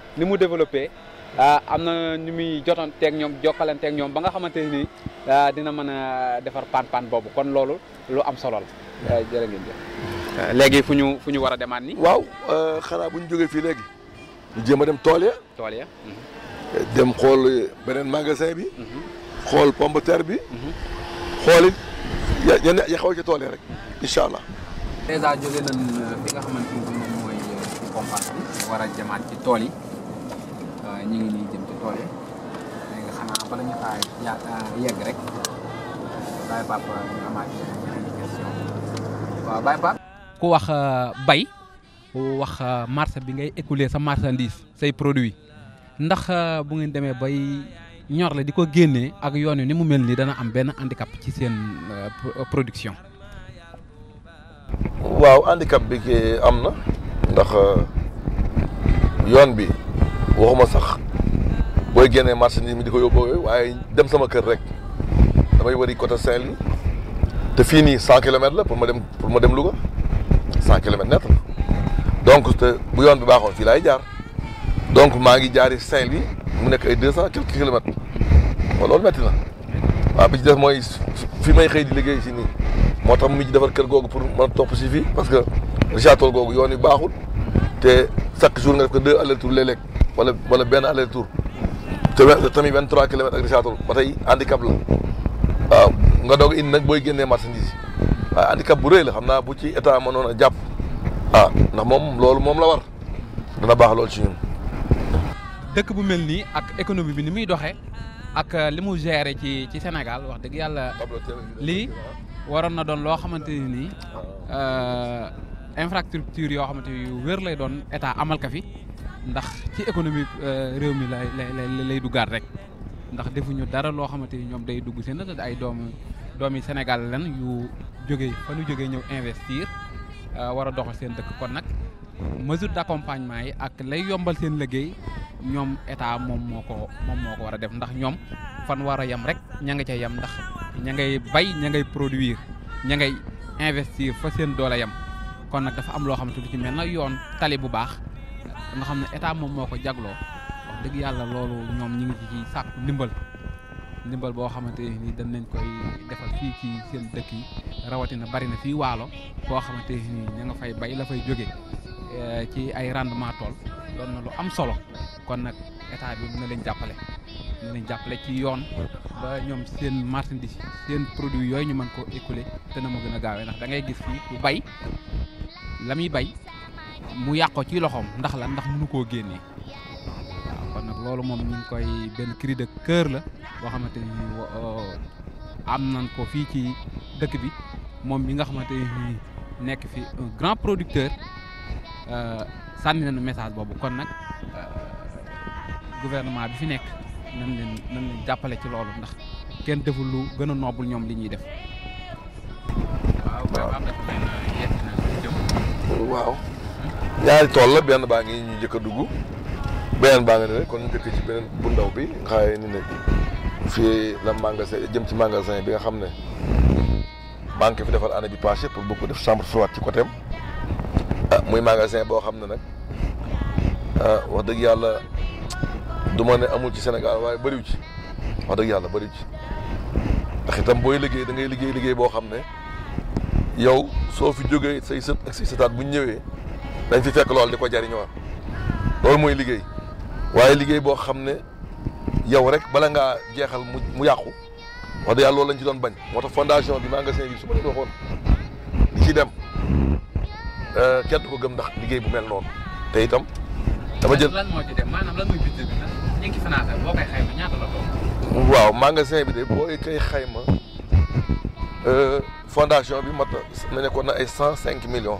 ni mu développé ah, am na ni muy jotanteeg ñoom jokkalanteeg ñoom ba nga xamante ni ah, dina mën a defar paan-paan boobu kon loolu lu am solo la eh, eh, léegi fu ñu fu ñu war a demaat nii. waaw eh, xanaa bu ñu jógee fii léegi. ñu jéem a dem tool ya. tool ya. dem xool beneen magasin bi. Mhm. xool pomme de terre bi. Mhm. xool it ya ya ya xaw ci tool yi rek incha allah. dèjà jóge nañ fi nga xamante ni moom mooy compas bi war a jëmaat ci tool yi. ñu ini nii jëm ya. tool yi léegi xanaa bala ñu faa yaakaar yegg rek Baye Pape ñu amaat yeneen question ku wax eh, bay wax eh, marché bi ngay écouler sa marchandise say produit ndax eh, bu ngeen demee bay ñor la di ko ak yoon ni mu mel dana am handicap ci production. waaw handicap bi am na ndax yoon bi. waxuma sax booy génnee marchandise mi di ko yóbboo yooyu waaye dem sama kër rek damay wari côté Saint-Louis te fii nii cent kilomètres la pour ma dem pour ma dem Louga cent kilomètres net la donc te bu yoon bi baaxoon fii laay jaar donc maa ngi jaari Saint-Louis mu nekk ay deux cent quelques kilomètres waaw loolu métti na waaw bi ci def mooy fi may xëy di liggéey si nii moo tax mu ci defar kër googu pour mën a topp si fii parce que Richard Toll googu yoon yi baaxul te chaque jour nga def ko deux aller-retour léeg-léeg wala wala benn aller retour te tamit vingt trois kilomètres ak Richard-Toll ba tey handicap la waaw nga doog indi nag booy génnee marchandise yi waaye handicap bu rëy la xam naa bu ci état mënoon a jàpp ah ndax moom loolu moom la war dana baax loolu ci ñun. dëkk bu mel nii ak économie bi ni muy doxee ak euh, li mu géré ci ci Sénégal wax dëgg yàlla lii waroon na doon loo xamante ni nii ah. euh, infrastructure yoo xamante yu wér lay doon état amal fi. ndax ci économie euh, réew mi lay lay lay rek ndax defuñu dara loo xamante ni ñoom day dugg seen ay doomu doomi Sénégal lan yu jóge fa ñu jógee ñëw investir euh, war a doxal seen dëkk kon nag mesure d'accompagnement yi ak lay yombal seen liggéey ñoom état moom moo ko moom moo ko war a def ndax ñoom fan war a yem rek ña nga ca yem ndax ña ngay bay ña ngay produire ña ngay investir fa seen doole yem kon nag dafa am loo xamante lu ci mel na yoon tali bu baax nga xam ne état moom moo ko jagloo dëgg yàlla loolu ñoom ñi ngi ci ci ndimbal ndimbal boo xamante ni dañ nañ koy defal fii ci seen dëkk yi rawatina bari na fii waalo boo xamante ni ña nga fay bay la fay jóge eh, ci ay rendement tool doon na lu am solo kon nag état bi dina leen jàppale dina leen jàppale ci yoon ba ñoom seen marchandise seen produit yooyu ñu mën ko écouler dana ma gën a gaawee ndax da ngay gis fii ku bay la muy bay mu yàqo ci loxoom ndax lan ndax mënu koo génnee waaw kon nag loolu moom ñu ngi koy benn cri de kër la boo xamante ni euh, am nañ ko fii ci dëkk bi moom bi nga xamante ni nekk fi un grand producteur euh, sànni nañu message boobu kon nag euh, gouvernement bi fi nekk nan leen jàppale ci loolu ndax kenn deful lu gën a noobul ñoom li ñuy def. ñaari tool la benn baa ngi ñu njëkk a dugg beneen baa nga ne rek kon njëkk ci beneen bu ndaw bi xaye ni ne fii la magasin jëm ci magasin bi nga xam ne banque fi defal année bi passé pour bëgg ko def chambre froide ci côté ah, muy magasin boo xam ne nag ah, wax dëgg yàlla du ma ne amul ci senegal waaye bëriw ci wax dëgg yàlla bëriw ci ndax itam booy liggéey da ngay liggéey liggéey boo xam ne yow soo fi jógee say sët ak say sëtaat bu ñu ñëwee dañ fi fekk loolu di ko jariñoo loolu mooy liggéey waaye liggéey boo xam ne yow rek bala ngaa jeexal mu mu yàqu wax dëgg yàlla loolu lañ ci doon bañ moo tax fondation bi magasin bi su ma leen waxoon di dem euh, kenn gëm ndax liggéey bu mel noonu te itam dama jël lan ci dem maanaam bi nag ñi ci xayma ñaata euh, fondation bi mat na nekkoon na ay cent cinq millions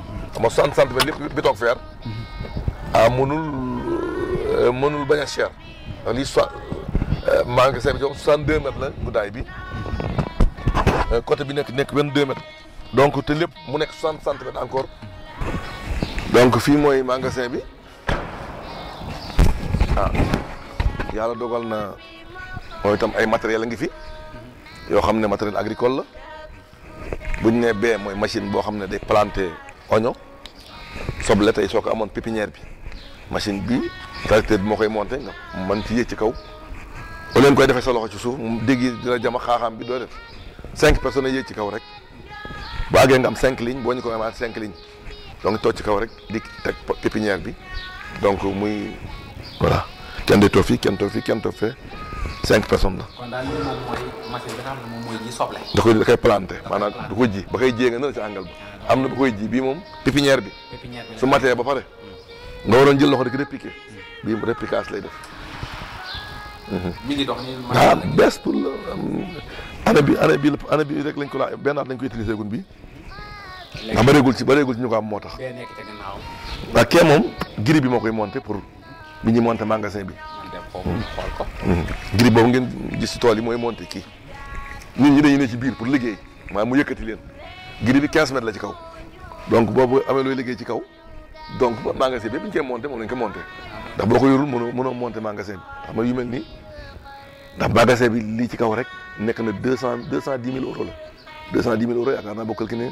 xam nga 60 centimètres lépp bi toog fer mhm. ah mënul euh, mënul bañ a cher ndax lii soit euh, maa ngi la guddaay bi mhm. euh, côté bi nekk nekk 22 mètres donc te lépp mu nekk 60 centimètres encore donc fii mooy magasin bi ah yàlla dogal na mooy itam ay matériel a ngi fi mhm. yoo xam ne matériel agricole la bu ñu nee bee mooy machine boo xam ne day planter. oignon soble tey soo ko amoon pépinière bi machine bi tracteur bi moo koy monté man mën ci yéeg ci kaw au leen koy defee sa loxo ci suuf mu dégg dina jama xaaxaam bi doo def cinq personnes yéeg ci kaw rek boo àggee nga am cinq lignes boo ñu ko amaat cinq lignes donc toog ci kaw rek di teg pépinière bi donc muy voilà kenn de toog fii kenn toog fii kenn toog fee cinq personnes na kon daal lii moom mooy machine bi nga xam ne moom mooy ji du ko ji ba koy jiyee nga ne la ci ba. am bu koy ji bi mom pépinière bi su maté ba pare nga waron jël loxo di ko bi mu répliquage hmm. lay def hmm. mi ngi dox ni waaw ah, pour la année bi année bi année bi rek lañ ko laa benn at lañ ko gun bi ah, ci ci am gannaaw. giri bi moo koy pour bi ñuy monté magasin bi. Hmm. giri boobu ngeen gis ci tool yi mooy monté kii. nit ñi dañuy ne ci biir pour liggéey mu yëkkati leen giri bi 15 mètres la ci kaw donc boobu amee looy liggéey ci kaw donc ba magasin bi biñ cee monté moom lañ ko monté ndax boo ko yorul mënoo mënoo monté magasin bi xam nga yu mel nii ndax magasin bi lii ci kaw rek nekk na 200 210 000 euros la 210 000 euros yaakaar naa bokkal ki ne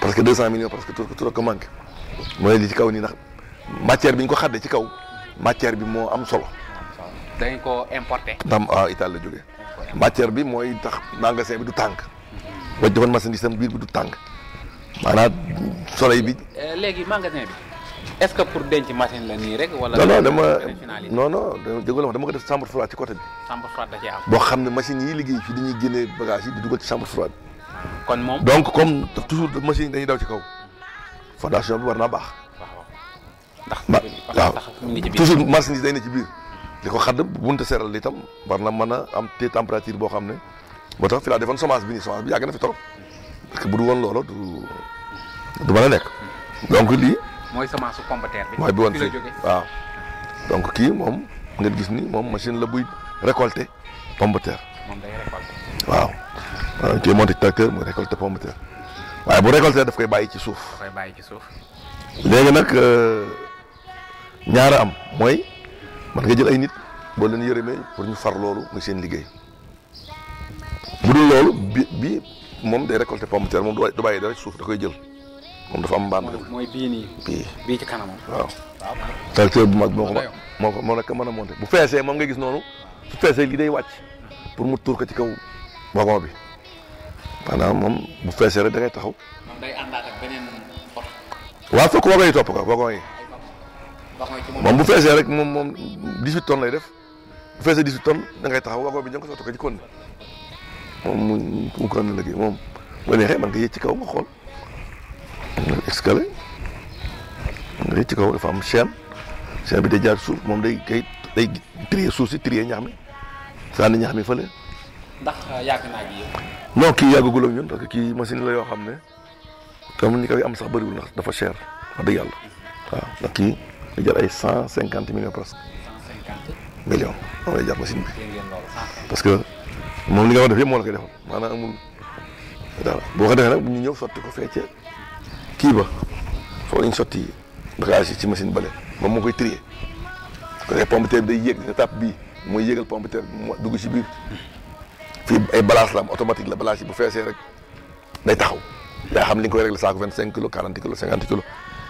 parce que 200 millions parce que tout tur ko manqué mooy li ci kaw nii ndax matière bi ñu ko xàddee ci kaw matière bi moo am solo. dañ ko importé. ndam ah Italie la jógee. matière bi mooy tax magasin bi du tànk. boo defoon marchandise am biir bi du tàng maanaam soleil bi. Euh, léegi magasin bi est-ce que pour denc machine la nii rek. wala non non dama non non la wax dama ko def chambre froide ci côté bi. chambre boo xam ne machine yi liggéey fii dañuy génne bagage yi di dugal ci chambre kon moom donc comme toujours machine dañuy daw ci kaw fondation bi war naa baax. ndax waaw toujours marchandise day ne ci biir. li ko xadd bunta seeral itam war na mën a am te température boo xam ne. boo tax fi laa defoon semence bi nii semence bi yàgg na fi trop parce que bu du woon loolu du du nekk donc lii. mooy semence su combatère bi. mooy bi woon fii waaw. donc kii moom ngeen gis ni moom machine la buy récolter pomme de terre. moom day récolter. waaw maanaam euh, kii monte ci tracteur muy récolter pomme de terre waaye bu récolter daf koy bàyyi ci suuf. daf koy ci suuf. léegi nag euh, ñaar am mooy man nga jël ay nit boo yëre yërëmee pour ñu far loolu muy seen liggéey. budul loolu bi bi moom day récolter pomme de terre moom du bàyyi dara suuf da koy jël moom dafa am mbànd mooy bii nii bii bii ci kanam waaw tracteur bu mag moo ko moo ko moo nekk mën a monté bu feesee moom nga gis noonu su feesee lii day wàcc pour mu tuur ko ci kaw wagon bi maanaam moom bu feesee rek da ngay taxaw moom day àndaat ak beneen oto waaw fokk wagon yi topp ko wagon yi moom bu feesee rek moom moom 18 tonnes lay def bu feesee 18 tonnes da ngay taxaw wagon bi ñoo ko sotti ko ci kon moom mu ko andi liggéey moom bu neexee man nga yëg ci kaw nga xool nga escalier ci kaw dafa am chaîne chaîne bi day jaar suuf moom day day day trier suuf si trier ñax mi sànni ñax mi fële. ndax yàgg naa ak yéen. kii yàggagul ak ñun parce que kii machine la yoo xam ne comme ni koy am sax bëriwul ndax dafa cher wax dëgg yàlla waaw ndax kii da jël ay cent cinquante millions presque. parce que. moom li nga war def yëpp moo la koy defal maanaa amul dara boo ko defee nag ñu ñëw sotti ko fecce kii ba foo sotti bagage yi ci machine bale moom moo koy trier su ko defee pomme bi mooy yéegal pomme bi mu dugg ci biir fii ay balance la am automatique la bu feesee rek day taxaw yaa xam li nga koy réglé saako vingt cinq kilos quarante kilos cinquante kilos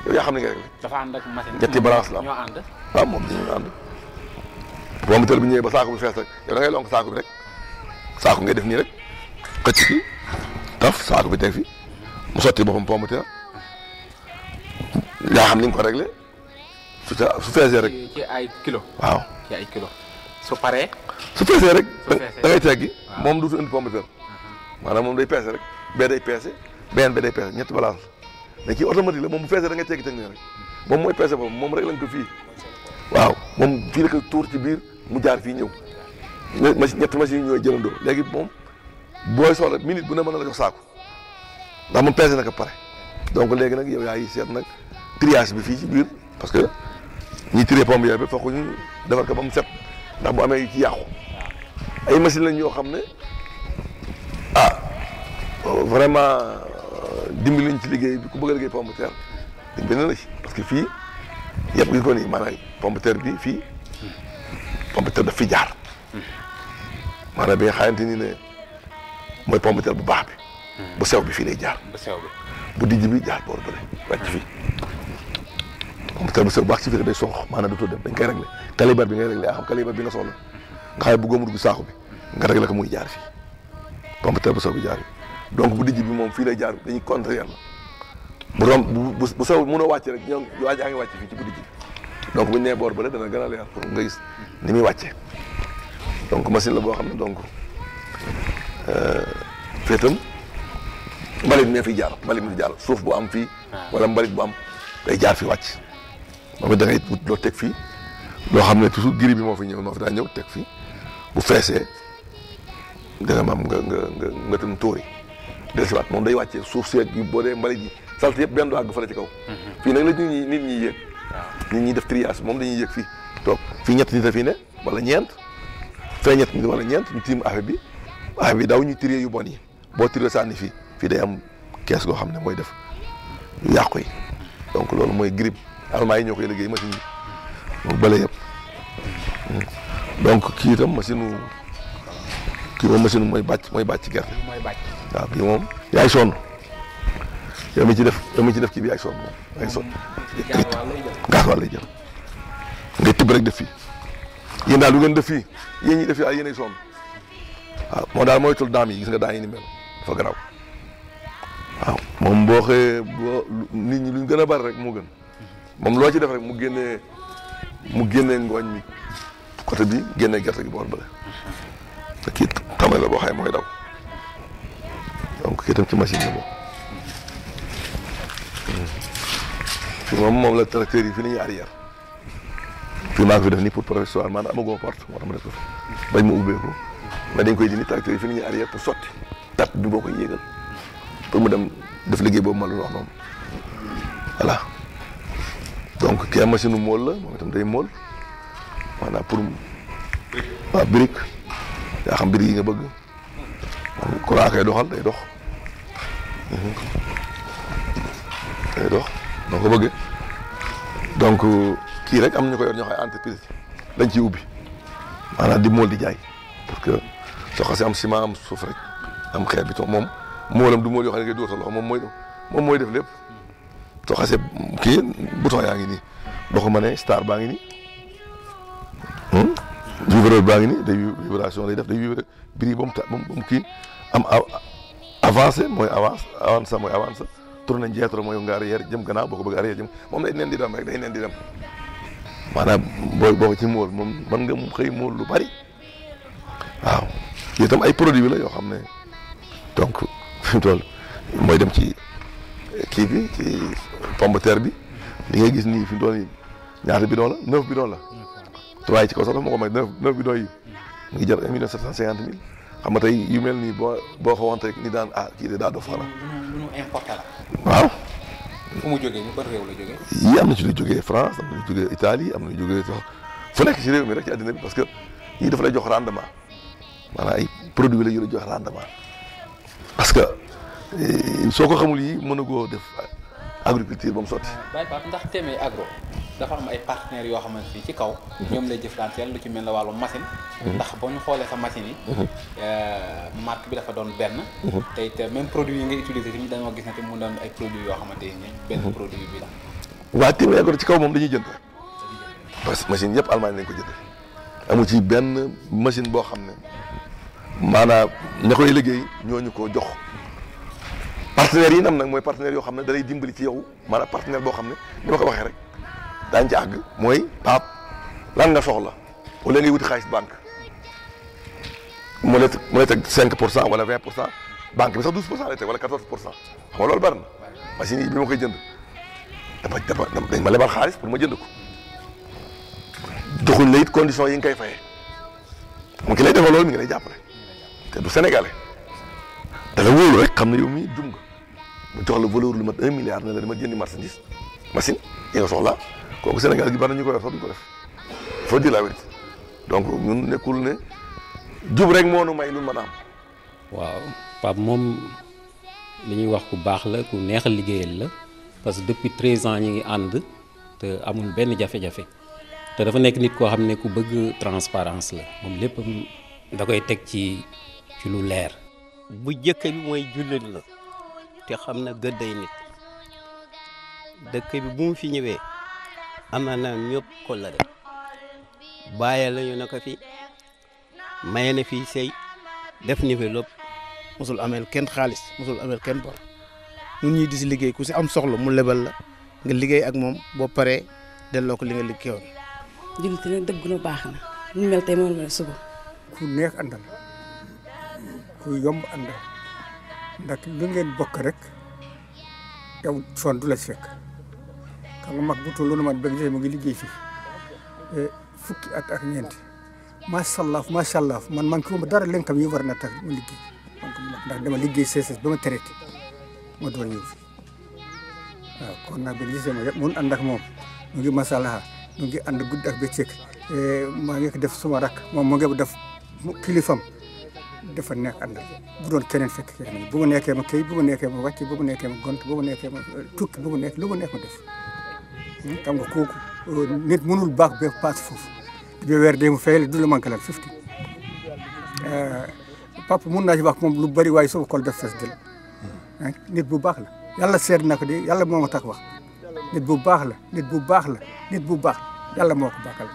yow yaa xam li nga réglé. dafa la am ñoo ànd. waaw moom dañuy bi ñëwee saako bi fees rek yow da ngay lonk saako bi rek. saako ngay def nii rek xëcc fi taf saako bi teg fi mu sotti boppam pomme de yaa xam ni nga ko réglé su ca su feesee rek. ci ay kilo ay kilo su paree. su feesee rek. da ngay teggi moom du indi pomme de mm-hmm. maanaam moom day peese rek bee day peese beneen bee day peese ñetti balance la dañ ciy la moom bu feesee da ngay teggi nii rek moom mooy peese boobu moom rek lañ ko fii waaw moom fii la ko tuur ci biir mu jaar fii ñëw. machine ñetti machine yi ñooy jëlandoo léegi moom booy soxla minute bu ne mën na la jox saako ndax moom peese nag ko pare donc léegi nag yow yaa yi seet nag triage bi fii ci biir parce que ñi trier pompe yooyu bi fokk ñu defar ko ba mu set ndax bu amee ci yàqu ay machine lañ yoo xam ne ah vraiment euh, dimbali lañ ci liggéey bi ku bëgg a liggéey pompe terre dimbali na ci parce que fii yëpp gis ko nii maanaam pompe terre bi fii pompe terre daf fi jaar maanaam bi nga xamante ni ne mooy pompitel bu baax bi. bu sew bi fii lay jaar. bu sew bu dijj bi jaar boor wàcc fii. pompitel bu sew bu baax ci fekk day sonx maanaam dem dañ koy réglé calibre bi ngay réglé yaa xam calibre bi nga soxla nga xam ne bu góobu dugg saako bi nga réglé ko muy jaar fii pompitel bu sew bi jaar donc bu dijj bi moom fii lay jaar dañuy contrer la bu romb bu bu sew mënoo wàcce rek ñoom waa jaa ngi wàcce ci bu bu ñu nee boor bële dana gën a leer pour ni muy wàccee. donc machine la boo xam ne donc euh, féetam mbalit mi fi jaar mbalit mu fi jaar suuf bu am fii. Ah. wala mbalit bu am day jaar fi wàcc. moom it da ngay wut teg fii loo xam ne toujours giri bi moo fi ñëw moo daa ñëw teg fii bu feesee danga maam nga nga nga nga tam tuuri dellusiwaat moom day wàccee suuf seeg yu boo dee mbalit yi salte yëpp benn du àgg fële ci kaw. Mhm. fii nag la nit ñi nit ñi yéeg. Ah. nit ñi def triage moom dañuy yéeg fii toog fii ñett nit a fii ne wala ñeent. feeñet ñu wala ñeent ñu tiim affaire bi affaire bi daw ñu tiré yu bon yi boo tiré sànni fii fii day am kees goo xam ne mooy def yàqu yi donc loolu mooy grippe almaa yi ñoo koy liggéey machine yi mu bële yëpp hmm. donc kii itam machine wu kii moom machine mooy bàcc mooy bàcc gerte. mooy bàcc waaw bii moom yaay sonn yow mi ci def yow ci def kii bi yaay sonn moom yaay sonn. tibb rek def fii. yéen daal lu ngeen def fii yéen ñi def fii daal yéenay sonn moo daal moytul daam yi gis nga daa yi ni mel dafa garaaw waaw moom boo xëyee boo nit ñi luñ gën a bari rek moo gën moom loo ci def rek mu génnee mu génnee ngooñ mi côté bi génnee gerte gi boor bële te kii xamal la boo xëyee mooy daw donc kii tam ci machine bi hmm. moom fi moom la tracteur yi fi la ñu arrière li maa fi def pour provisoire maanaam amagoo porte moo tax ma def ko fi bañ ma dañ koy dindi tracteur fi tap bi boo koy pour mu dem def liggéey boobu ma la wax noonu voilà donc kii am machine mool la moom itam day mool maanaam pour waaw brique ya xam brique yi nga bëgg moom doxal day dox day dox ki rek am ñu ko yor ñoo xam entreprise dañ ci ubi maanaam di mol di jaay parce que so xasse am ciment am suuf rek am xeer mom toog moom du mol yo xam ne ngay dóor sa loxo moom mom moy def lepp soo xasse ki bouton yaa ngi nii boo ko star baangi ni hmm vibreur baa ngi nii day vibration lay def day vibrer biri bom mu ta ba am avancé moy avance avance moy avance tourné njeetro moy ngar yer jëm gëna boo ko bëgg arrière jëm mom lay neen di dem rek day neen di dem maanaam boo boo ci mool moom man nga xëy mool lu bari waaw yooyu tam ay produits la yoo xam ne donc fi mooy dem ci kii bi ci pomme bi li gis nii fi mu toll nii ñaata bidon la neuf bidon la tubaab ci kaw sax dafa ko may neuf neuf bidon yi mu ngi jar un million sept cent cinquante mille xam a tey yu mel nii boo boo xawante rek ni daan ah de daa dof waaw. fu mu jógee ban réew la jógee. yii am na ci lu jógee France am na lu jógee am na lu jógee sax fu nekk ci réew rek ci àddina bi parce que yii dafa lay jox rendement maanaam ay produits la yu la jox rendement parce que eh, soo ko xamul yii mën a goo agriculture ba mu sotti. Baye Pape ndax Témé agro dafa am ay partenaires yoo xamante ni ci kaw. ñoom lay jëflanteel lu ci mel ne wàllu machine. Mhm. ndax boo ñu xoolee sa machine yi. Mhm. Euh, marque bi dafa doon benn. Mhm. te it euh, même produit yi ngay utiliser tamit dañoo gis ne te mu doon ay yoo xamante ni benn produit bi la. waa ci kaw moom dañuy jënd. parce que machine yëpp Allemagne lañ ko jënd. amu ci benn machine boo xam ne maanaa ña koy liggéey ñoo ñu ko jox. partenaires yi nam nag mooy partenaire yoo xam ne dalay dimbali ci yow maanaam partenaire boo xam ne ni ma ko waxee rek daañu ci àgg mooy paap lan nga soxla wala ngay wuti xaalis banque mu lay mu teg 5 pour cent wala 20 pour cent banque bi sax 12 pour cent lay teg wala 14 pour cent xam nga bari na machine yi bi ma koy jënd dafa dafa dañ ma lebal xaalis pour ma jënd ko joxuñ la conditions yi nga koy fayee mu ngi lay defal loolu mi ngi lay jàppale te du sénégalais da la rek xam ne yow mii jum jox la voleur lu mat un milliard na la dama jëndi marchandise machine yi soxla kooku Sénégal gi bar na ñu ko yor sax ko def il faut dire la vérité donc ñun nekkul ne jub rek moonu may lu mën a am. waaw Pape moom li ñuy wax ku baax la ku neex a liggéeyal la parce que depuis treize ans ñu ngi ànd te amul benn jafe-jafe te dafa nekk nit koo xam ne ku bëgg transparence la moom lépp da koy teg ci ci lu leer. bu njëkk bi mooy jullit la. te xam na gëdday nit dëkk bi bu fi ñëwee am na ñëpp kóllëre bàyyi la ñu ne ko fi maye na fii sëy def ni fi lépp mosul ameel kenn xaalis mosul ameel kenn bor ñun ñii di si liggéey ku si am soxla mu lebal la nga liggéey ak moom boo paree delloo ko li nga liggéeyoon. jullit na dëgg na baax na ñu mel moom la suba. ku neex àndal ku yomb àndal. nak li ngeen bokk rek yow son du la si fekk xam nga mag bu tollu na man bëgg mo ngi liggéey euh fukki at ak ma sha allah sha allah man man ko ma dara lenkam yu war na tak mu liggéey man ko ndax dama liggéey CSS ba ma traité ma doon ñu fi waaw kon nag bi gisee ma yëpp mun ànd ak moom mu ngi Allah mu ngi and gudd ak euh ma ngi def suma rak mom mo ngi def kilifam dafa nekk àndal bu doon keneen fekk keneen bu ma nekkee ma këy bu ma nekkee ma wàcc bu ma nekkee ma gont bu ma nekkee ma euh, tukki bu ma nekk lu ma nekk ma def hmm, nga kooku euh, nit mënul baax ba paas foofu bi weer dee mu fayal du la manqué la fifty euh, papa mun naa ci wax moom lu bari waaye sama kol def fees dël hmm. nit bu baax la yàlla seet na ko de yàlla moo ma tax wax nit bu baax la nit bu baax la nit bu baax la yàlla moo ko bàkkal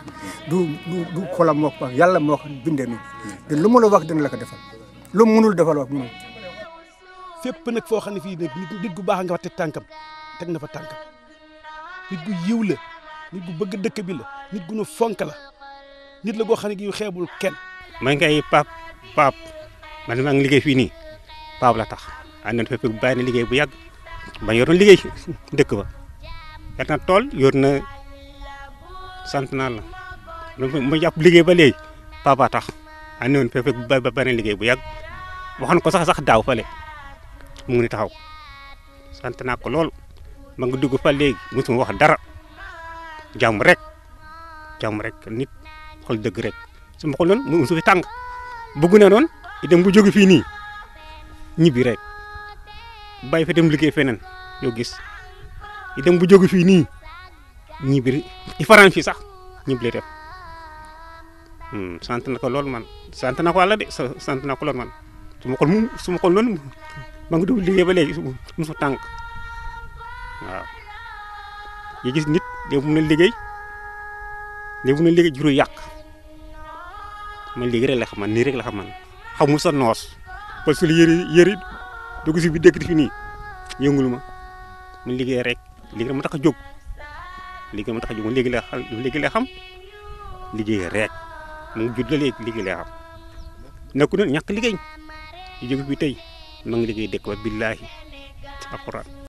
du du du xolam moo yàlla moo ko bindee noonu te lu mu la wax dina la ko defal lu mu mënul defal wax mënul fépp nag foo xam ne fii nag nit gu baax nga fa teg tànkam teg na fa tànkam nit gu yiw la nit gu bëgg dëkk bi la nit gu nu fonk la nit la goo xam ne gi xeebul kenn man ngay pap pap man maa ngi liggéey fii nii pap la tax ànd na fekk bàyyi na liggéey bu yàgg ba yoroon liggéey dëkk ba yor na sant naa la mu jàpp liggéey ba léegi papa tax andi woon fépp ba beneen liggéey bu yàgg waxoon ko sax sax daaw fale mu ngi taxaw sant naa ko lool ma nga dugg fa léegi mosuma wax dara jàmm rek jàmm rek nit xol dëgg rek su ma xol noonu mu su fi tàng bëgg na noonu itam bu jóge fii nii ñibbi rek bàyyi dem liggéey feneen gis itam bu jóge fii nii ñibir ifaran fi sax ñibli def hmm sant nako lol man sant nako alla de sant nako lol man suma xol mum suma xol non ma nga liggey ba legi mu so tank waaw yi gis nit de mu na liggey de mu na liggey juro yak man legi rek la xam man ni rek la xam man xamu sa nos parce que yeri yeri do ko ci bi dekk fi ni man liggey rek liggey jog liggéey moo tax jógoon léegi la léegi la xam liggéey rek mu ngi judd la léegi liggéey la xam nekku ne ñàkk liggéey ñu jóge bi tey ma ngi liggéey dëkk ba billaahi alquran